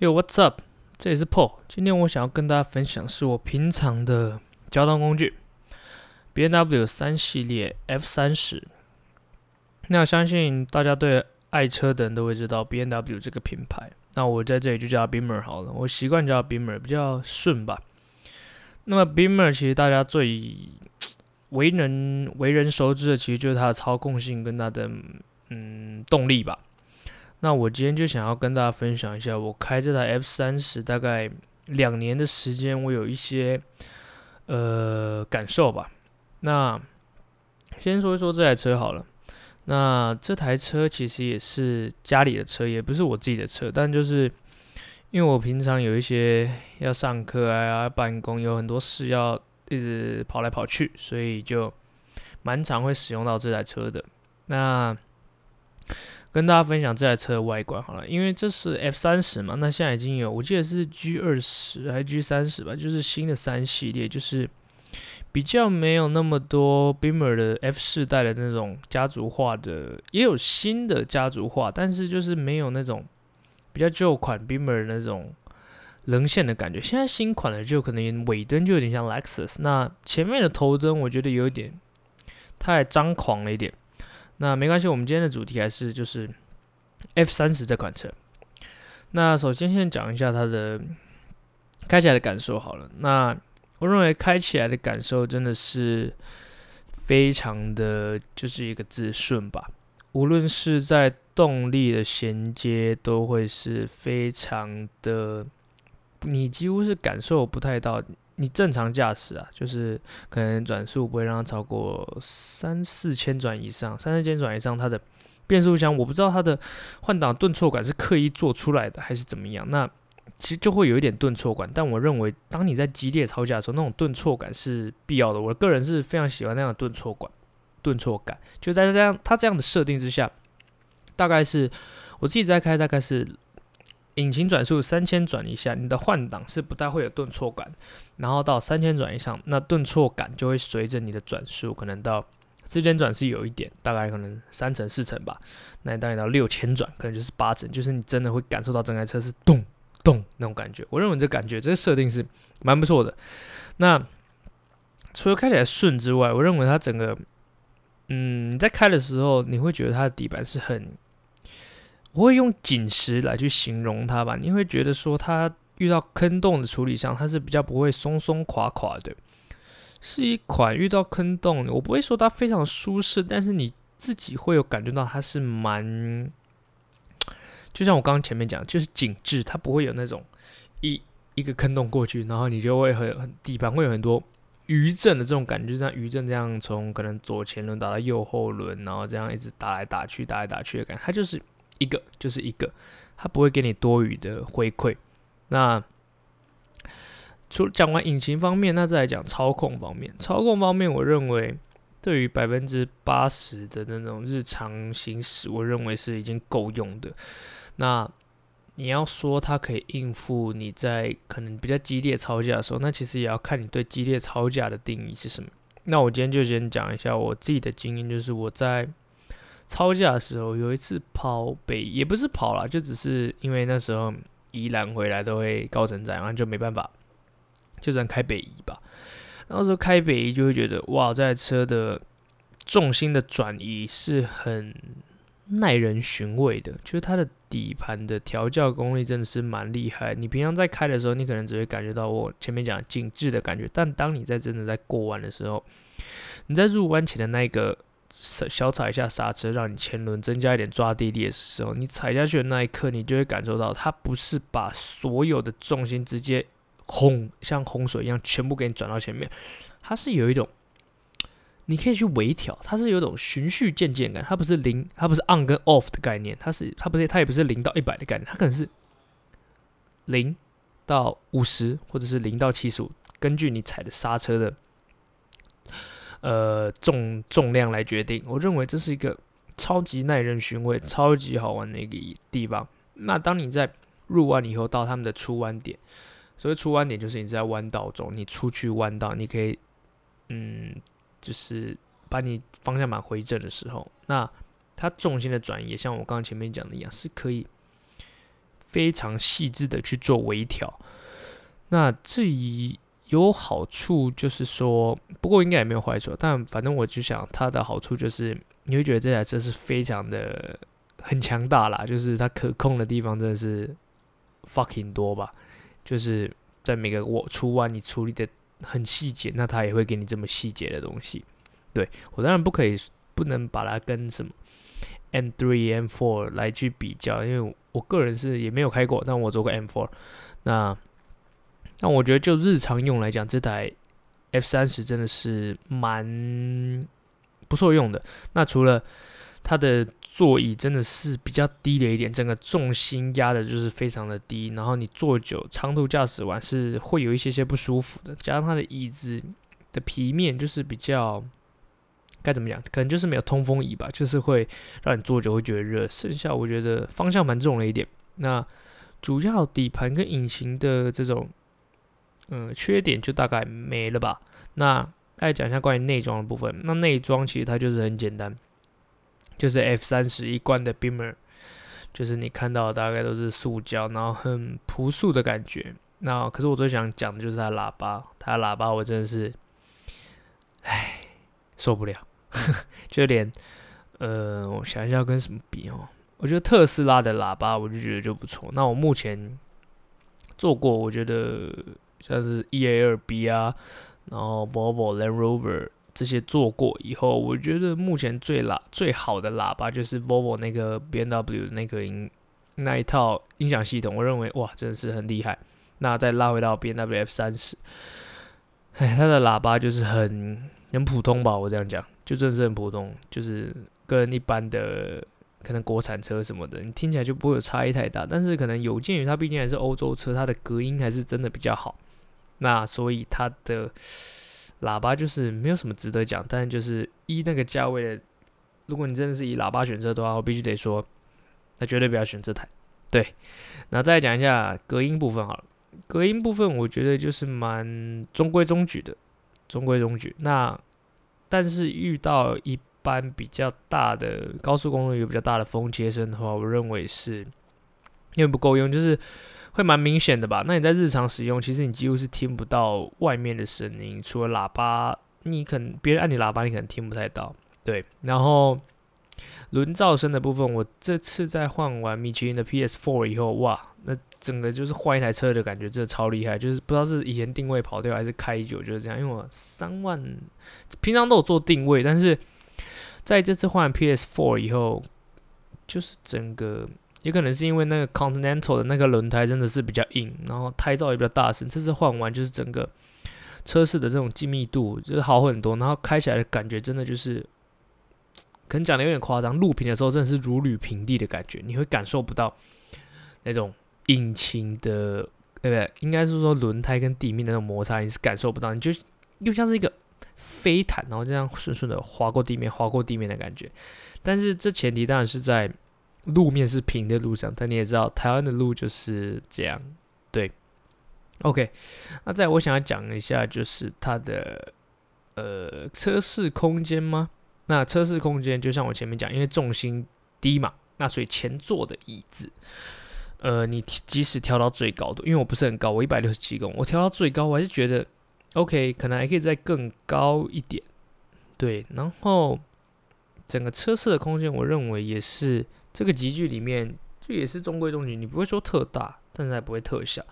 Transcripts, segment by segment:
Yo, what's up？這裡是 Paul，今天我想要跟大家分享是我平常的交通工具，BMW 3系列 F30。那我相信大家對愛車的人都會知道 BMW 這個品牌。那我在這裡就叫它 Beamer 好了，我習慣叫它 Beamer 比較順吧。那麼 Beamer 其實大家最為人為人熟知的，其實就是它的操控性跟它的嗯動力吧。那我今天就想要跟大家分享一下，我開這台 F 三十，大概兩年的時間，我有一些呃感受吧。那先說一說這台車好了。那這台車其實也是家裡的車，也不是我自己的車，但就是因為我平常有一些要上課啊，啊、辦公，有很多事要一直跑來跑去，所以就蠻常會使用到這台車的。那跟大家分享這台車的外觀好了，因為這是 F 三十嘛，那現在已經有，我記得是 G 二十還是 G 三十吧，就是新的三系列，就是比較沒有那麼多 Bimmer 的 F 四代的那種家族化的，也有新的家族化，但是就是沒有那種比較舊款 Bimmer 那種稜線的感覺。現在新款的就可能尾燈就有點像 Lexus，那前面的頭燈我覺得有點太張狂了一點。那沒關係，我們今天的主題還是就是 F30 這款車。那首先先講一下它的開起來的感受好了。那我認為開起來的感受真的是非常的，就是一個字順吧。無論是在動力的銜接，都會是非常的，你幾乎是感受不太到。你正常駕駛啊，就是可能轉速不會讓它超過三四千轉以上，三四千轉以上，它的變速箱我不知道它的換擋頓挫感是刻意做出來的還是怎麼樣，那其實就會有一點頓挫感。但我認為，當你在激烈操駕的時候，那種頓挫感是必要的。我個人是非常喜歡那樣的頓挫感、頓挫感，就在這樣它這樣的設定之下，大概是我自己在開，大概是。引擎轉速三千轉以下，你的換擋是不太會有頓挫感，然後到三千轉以上，那頓挫感就會隨着你的轉速，可能到四千轉是有一點，大概可能三成四成吧。那你大概到六千轉，可能就是八成，就是你真的會感受到整台車是咚咚那種感覺。我認為這感覺，這個設定是蠻不錯的。那除了開起來順之外，我認為它整個，嗯，在開的時候，你會覺得它的底盤是很。我會用緊實來去形容它吧。你會覺得說，它遇到坑洞的處理上，它是比較不會鬆鬆垮垮的，是一款遇到坑洞，我不會說它非常舒適，但是你自己會有感覺到它是蠻，就像我剛剛前面講，就是緊致，它不會有那種一一個坑洞過去，然後你就會很很底盤會有很多餘震的這種感覺，就像餘震這樣從可能左前輪打到右後輪，然後這樣一直打來打去，打來打去的感覺，它就是。一個就是一個，它不會給你多餘的回饋。那除了講完引擎方面，那再來講操控方面。操控方面，我認為對於百分之八十的那種日常行駛，我認為是已經夠用的。那你要說它可以應付你在可能比較激烈操駕的時候，那其實也要看你對激烈操駕的定義是什麼。那我今天就先講一下我自己的經驗，就是我在。操駕的時候，有一次跑北宜，也不是跑啦，就只是因為那時候宜蘭回來都會高乘載，然後就沒辦法，就算開北宜吧。那時候開北宜就會覺得，哇，這台車的重心的轉移是很耐人尋味的，就是它的底盤的調教功力真的是蠻厲害。你平常在開的時候，你可能只會感覺到我前面講的緊緻的感覺，但當你在真的在過彎的時候，你在入彎前的那個。小踩一下剎車，讓你前輪增加一點抓地力的時候，你踩下去的那一刻，你就會感受到，它不是把所有的重心直接轟像洪水一樣全部給你轉到前面，它是有一種你可以去微調，它是有一種循序漸進感，它不是零，它不是 on 跟 off 的概念，它是它不是它也不是零到一百的概念，它可能是零到五十或者是零到七十五，根據你踩的剎車的。呃，重重量來決定。我認為這是一個超級耐人尋味、超級好玩的一個地方。那當你在入彎以後到他們的出彎點，所謂出彎點就是你在彎道中你出去彎道，你可以，嗯，就是把你方向盤回正的時候，那它重心的轉移，像我剛剛前面講的一樣，是可以非常細緻的去做微調。那這一。有好處就是說，不過應該也沒有壞處。但反正我就想，它的好處就是你會覺得這台車是非常的很強大啦，就是它可控的地方真的是 fucking 多吧？就是在每個我出彎，你處理的很細節，那它也會給你這麼細節的東西。對我當然不可以不能把它跟什麼 M3、M4 來去比較，因為我個人是也沒有開過，但我做過 M4。那那我覺得就日常用來講，這台 F 三十真的是蠻不錯用的。那除了它的座椅真的是比較低了一點，整個重心壓的就是非常的低，然後你坐久、長途駕駛完是會有一些些不舒服的。加上它的椅子的皮面就是比較該怎麼講，可能就是沒有通風椅吧，就是會讓你坐久會覺得熱。剩下我覺得方向盤重了一點，那主要底盤跟引擎的這種。嗯，缺點就大概沒了吧。那再講一下關於內裝的部分。那內裝其實它就是很簡單，就是 F30 一貫的 Bimmer，就是你看到的大概都是塑膠，然後很樸素的感覺。那可是我最想講的就是它的喇叭，它的喇叭我真的是，哎，受不了， 就連呃，我想一下要跟什麼比哦？我覺得特斯拉的喇叭我就覺得就不錯。那我目前做過，我覺得。像是 E A 2 B 啊，然後 Volvo、Land Rover 這些做過以後，我覺得目前最喇最好的喇叭就是 Volvo 那個 BMW 那個音那一套音響系統，我認為哇真的是很厲害。那再拉回到 BMW F 三十，嘿，它的喇叭就是很很普通吧，我這樣講就真的是很普通，就是跟一般的可能國產車什麼的，你聽起來就不會有差異太大。但是可能有鑑於它畢竟還是歐洲車，它的隔音還是真的比較好。那所以它的喇叭就是沒有什麼值得講，但是就是以那個價位的，如果你真的是以喇叭選擇的話，我必須得說，那絕對不要選這台。對，那再講一下隔音部分好了。隔音部分我覺得就是蠻中規中矩的，中規中矩。那但是遇到一般比較大的高速公路有比較大的風切聲的話，我認為是因為不夠用，就是。會蠻明顯的吧？那你在日常使用，其實你幾乎是聽不到外面的聲音，除了喇叭，你可能別人按你喇叭，你可能聽不太到。對，然後輪噪聲的部分，我這次在換完米其林的 PS4 以後，哇，那整個就是換一台車的感覺，真的超厲害。就是不知道是以前定位跑掉，還是開久就是這樣。因為我三萬平常都有做定位，但是在這次換完 PS4 以後，就是整個。也可能是因為那個 Continental 的那個輪胎真的是比較硬，然後胎噪也比較大聲。這次換完就是整個車室的這種精密度就是好很多，然後開起來的感覺真的就是，可能講的有點誇張，路平的時候真的是如履平地的感覺，你會感受不到那種引擎的，對不對？應該是說輪胎跟地面的那種摩擦你是感受不到，你就又像是一個飛毯，然後這樣順順的滑過地面，滑過地面的感覺。但是這前提當然是在。路面是平的路上，但你也知道台灣的路就是這樣，對。OK，那在我想要講一下，就是它的呃車室空間嗎？那車室空間就像我前面講，因為重心低嘛，那所以前座的椅子，呃，你即使調到最高的，因為我不是很高，我一百六十七公，我調到最高，我還是覺得 OK，可能還可以再更高一點，對。然後。整個車室的空間，我認為也是這個級距裡面，這也是中規中矩。你不會說特大，但是還不會特小。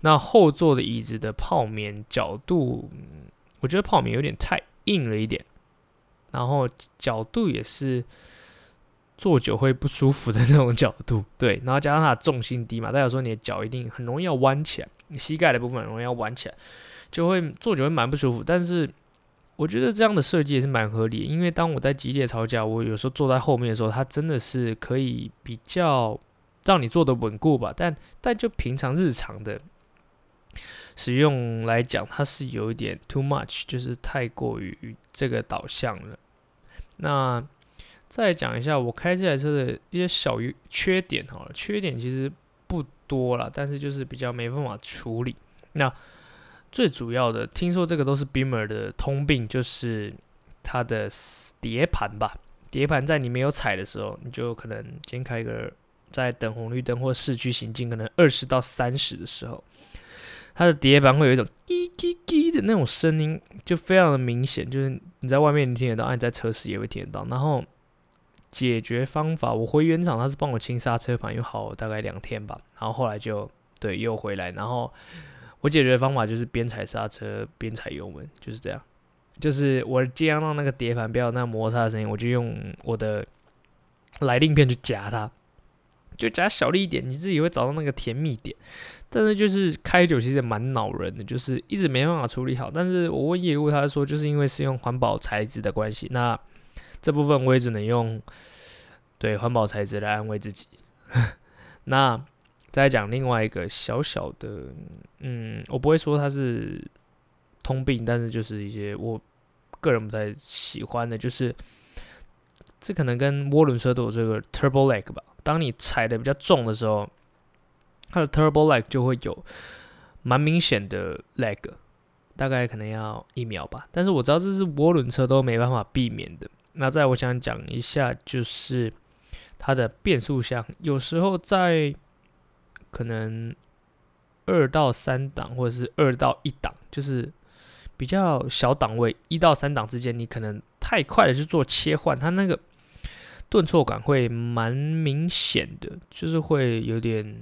那後座的椅子的泡棉角度，我覺得泡棉有點太硬了一點，然後角度也是坐久會不舒服的那種角度。對，然後加上它的重心低嘛，代表說你的腳一定很容易要彎起來，你膝蓋的部分很容易要彎起來，就會坐久會蠻不舒服。但是我覺得這樣的設計也是蠻合理的，因為當我在激烈操駕，我有時候坐在後面的時候，它真的是可以比較讓你坐得穩固吧。但但就平常日常的使用來講，它是有一點 too much，就是太過於這個導向了。那再講一下我開這台車的一些小缺點哈，缺點其實不多啦，但是就是比較沒辦法處理。那最主要的，聽說這個都是 Bimmer 的通病，就是它的碟盤吧。碟盤在你沒有踩的時候，你就可能先開一個，在等紅綠燈或市區行進，可能二十到三十的時候，它的碟盤會有一種滴滴滴的那種聲音，就非常的明顯，就是你在外面你聽得到，你在車室也會聽得到。然後解決方法，我回原廠，他是幫我清剎車盤，又好大概兩天吧，然後後來就對又回來，然後。我解決的方法就是邊踩剎車邊踩油門，就是這樣。就是我盡量讓那個碟盤不要那摩擦的聲音，我就用我的來令片去夾它，就夾小力一點，你自己會找到那個甜蜜點。但是就是開久其實也蠻惱人的，就是一直沒辦法處理好。但是我問業務，他說就是因為是用環保材質的關係，那這部分我也只能用對環保材質來安慰自己。 那。再來講另外一個小小的，嗯，我不會說它是通病，但是就是一些我個人不太喜歡的，就是這可能跟渦輪車都有這個 turbo lag 吧。當你踩的比較重的時候，它的 turbo lag 就會有蠻明顯的 lag，大概可能要一秒吧。但是我知道這是渦輪車都沒辦法避免的。那再我想講一下，就是它的變速箱，有時候在可能二到三檔，或者是二到一檔，就是比較小檔位，一到三檔之間，你可能太快的去做切換，它那個頓挫感會蠻明顯的，就是會有點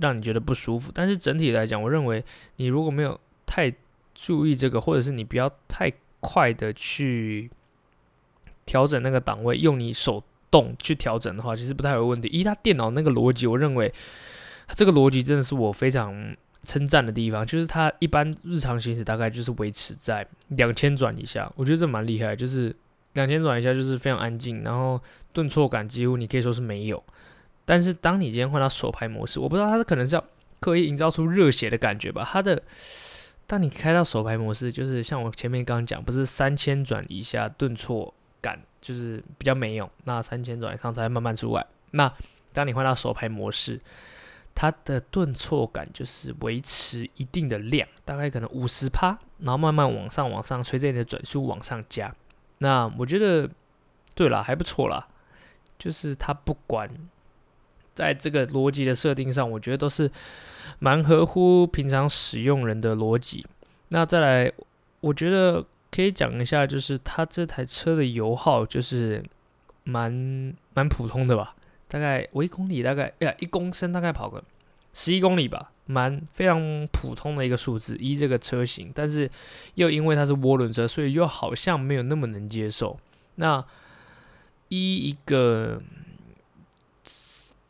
讓你覺得不舒服。但是整體來講，我認為你如果沒有太注意這個，或者是你不要太快的去調整那個檔位，用你手動去調整的話，其實不太有問題。依它電腦那個邏輯，我認為。這個邏輯真的是我非常稱讚的地方，就是它一般日常行駛大概就是維持在兩千轉以下，我覺得這蠻厲害，就是兩千轉以下就是非常安靜，然後頓挫感幾乎你可以說是沒有。但是當你今天換到手排模式，我不知道它是可能是要刻意營造出熱血的感覺吧？它的當你開到手排模式，就是像我前面剛剛講，不是三千轉以下頓挫感就是比較沒有，那三千轉以上才慢慢出來。那當你換到手排模式。它的頓挫感就是維持一定的量，大概可能五十趴，然後慢慢往上往上，隨着你的轉速往上加。那我覺得，對了，還不錯啦，就是它不管在這個邏輯的設定上，我覺得都是蠻合乎平常使用人的邏輯。那再來，我覺得可以講一下，就是它這台車的油耗就是蠻蠻普通的吧。大概我一公里大概呀一公升大概跑個十一公里吧，蠻非常普通的一個數字，依這個車型，但是又因為它是渦輪車，所以又好像沒有那麼能接受。那依一個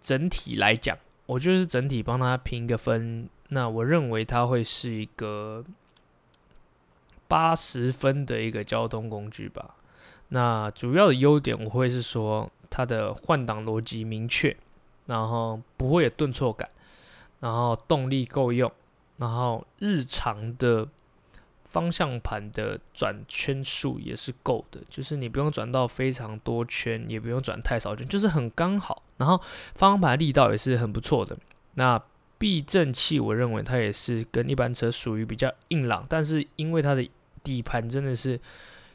整體來講，我就是整體幫它評個分。那我認為它會是一個八十分的一個交通工具吧。那主要的優點我會是說。它的換擋邏輯明確，然後不會有頓挫感，然後動力夠用，然後日常的方向盤的轉圈數也是夠的，就是你不用轉到非常多圈，也不用轉太少圈，就是很剛好。然後方向盤力道也是很不錯的。那避震器，我認為它也是跟一般車屬於比較硬朗，但是因為它的底盤真的是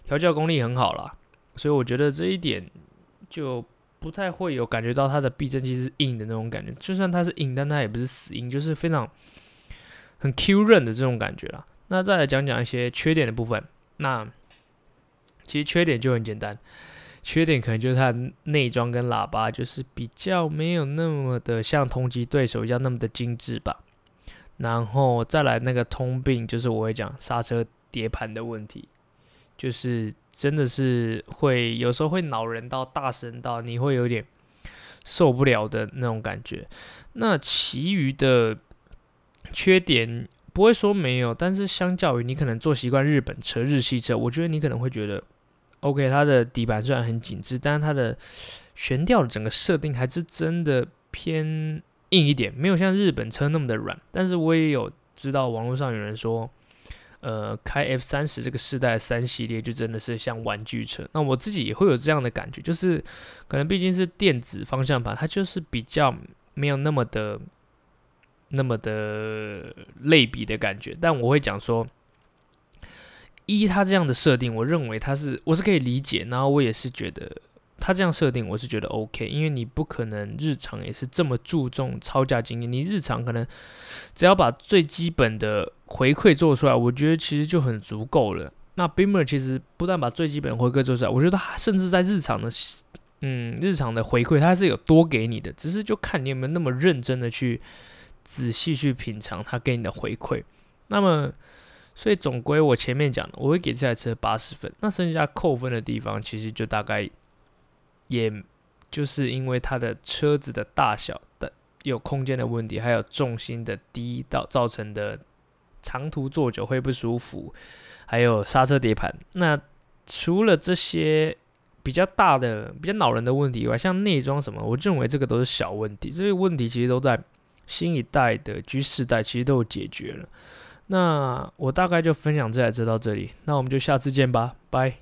調教功力很好啦，所以我覺得這一點。就不太會有感覺到它的避震器是硬的那種感覺，就算它是硬，但它也不是死硬，就是非常很 Q 潤的這種感覺啦。那再來講講一些缺點的部分，那其實缺點就很簡單，缺點可能就是它內裝跟喇叭就是比較沒有那麼的像同級對手一樣那麼的精致吧。然後再來那個通病就是我會講剎車碟盤的問題，就是。真的是會有時候會惱人到大聲到你會有點受不了的那種感覺。那其餘的缺點不會說沒有，但是相較於你可能坐習慣日本車、日系車，我覺得你可能會覺得，OK，它的底盤雖然很緊致，但是它的懸吊的整個設定還是真的偏硬一點，沒有像日本車那麼的軟。但是我也有知道網絡上有人說。呃，開 F30 這個世代的三系列就真的是像玩具車，那我自己也會有這樣的感覺，就是可能畢竟是電子方向盤，它就是比較沒有那麼的、那麼的類比的感覺。但我會講說，一它這樣的設定，我認為它是我是可以理解，然後我也是覺得。他這樣設定我是覺得 OK，因為你不可能日常也是這麼注重操駕經驗，你日常可能只要把最基本的回饋做出來，我覺得其實就很足夠了。那 Bimmer 其實不但把最基本回饋做出來，我覺得它甚至在日常的，嗯，日常的回饋它是有多給你的，只是就看你有沒有那麼認真的去仔細去品嘗它給你的回饋。那麼所以總歸我前面講的，我會給這台車八十分，那剩下扣分的地方其實就大概，也就是因為它的車子的大小的有空間的問題，還有重心的低到造成的長途坐久會不舒服，還有剎車碟盤。那除了這些比較大的、比較惱人的問題以外，像內裝什麼，我認為這個都是小問題。這些問題其實都在新一代的 G 四代其實都有解決了。那我大概就分享這台車到這裡，那我們就下次見吧，拜。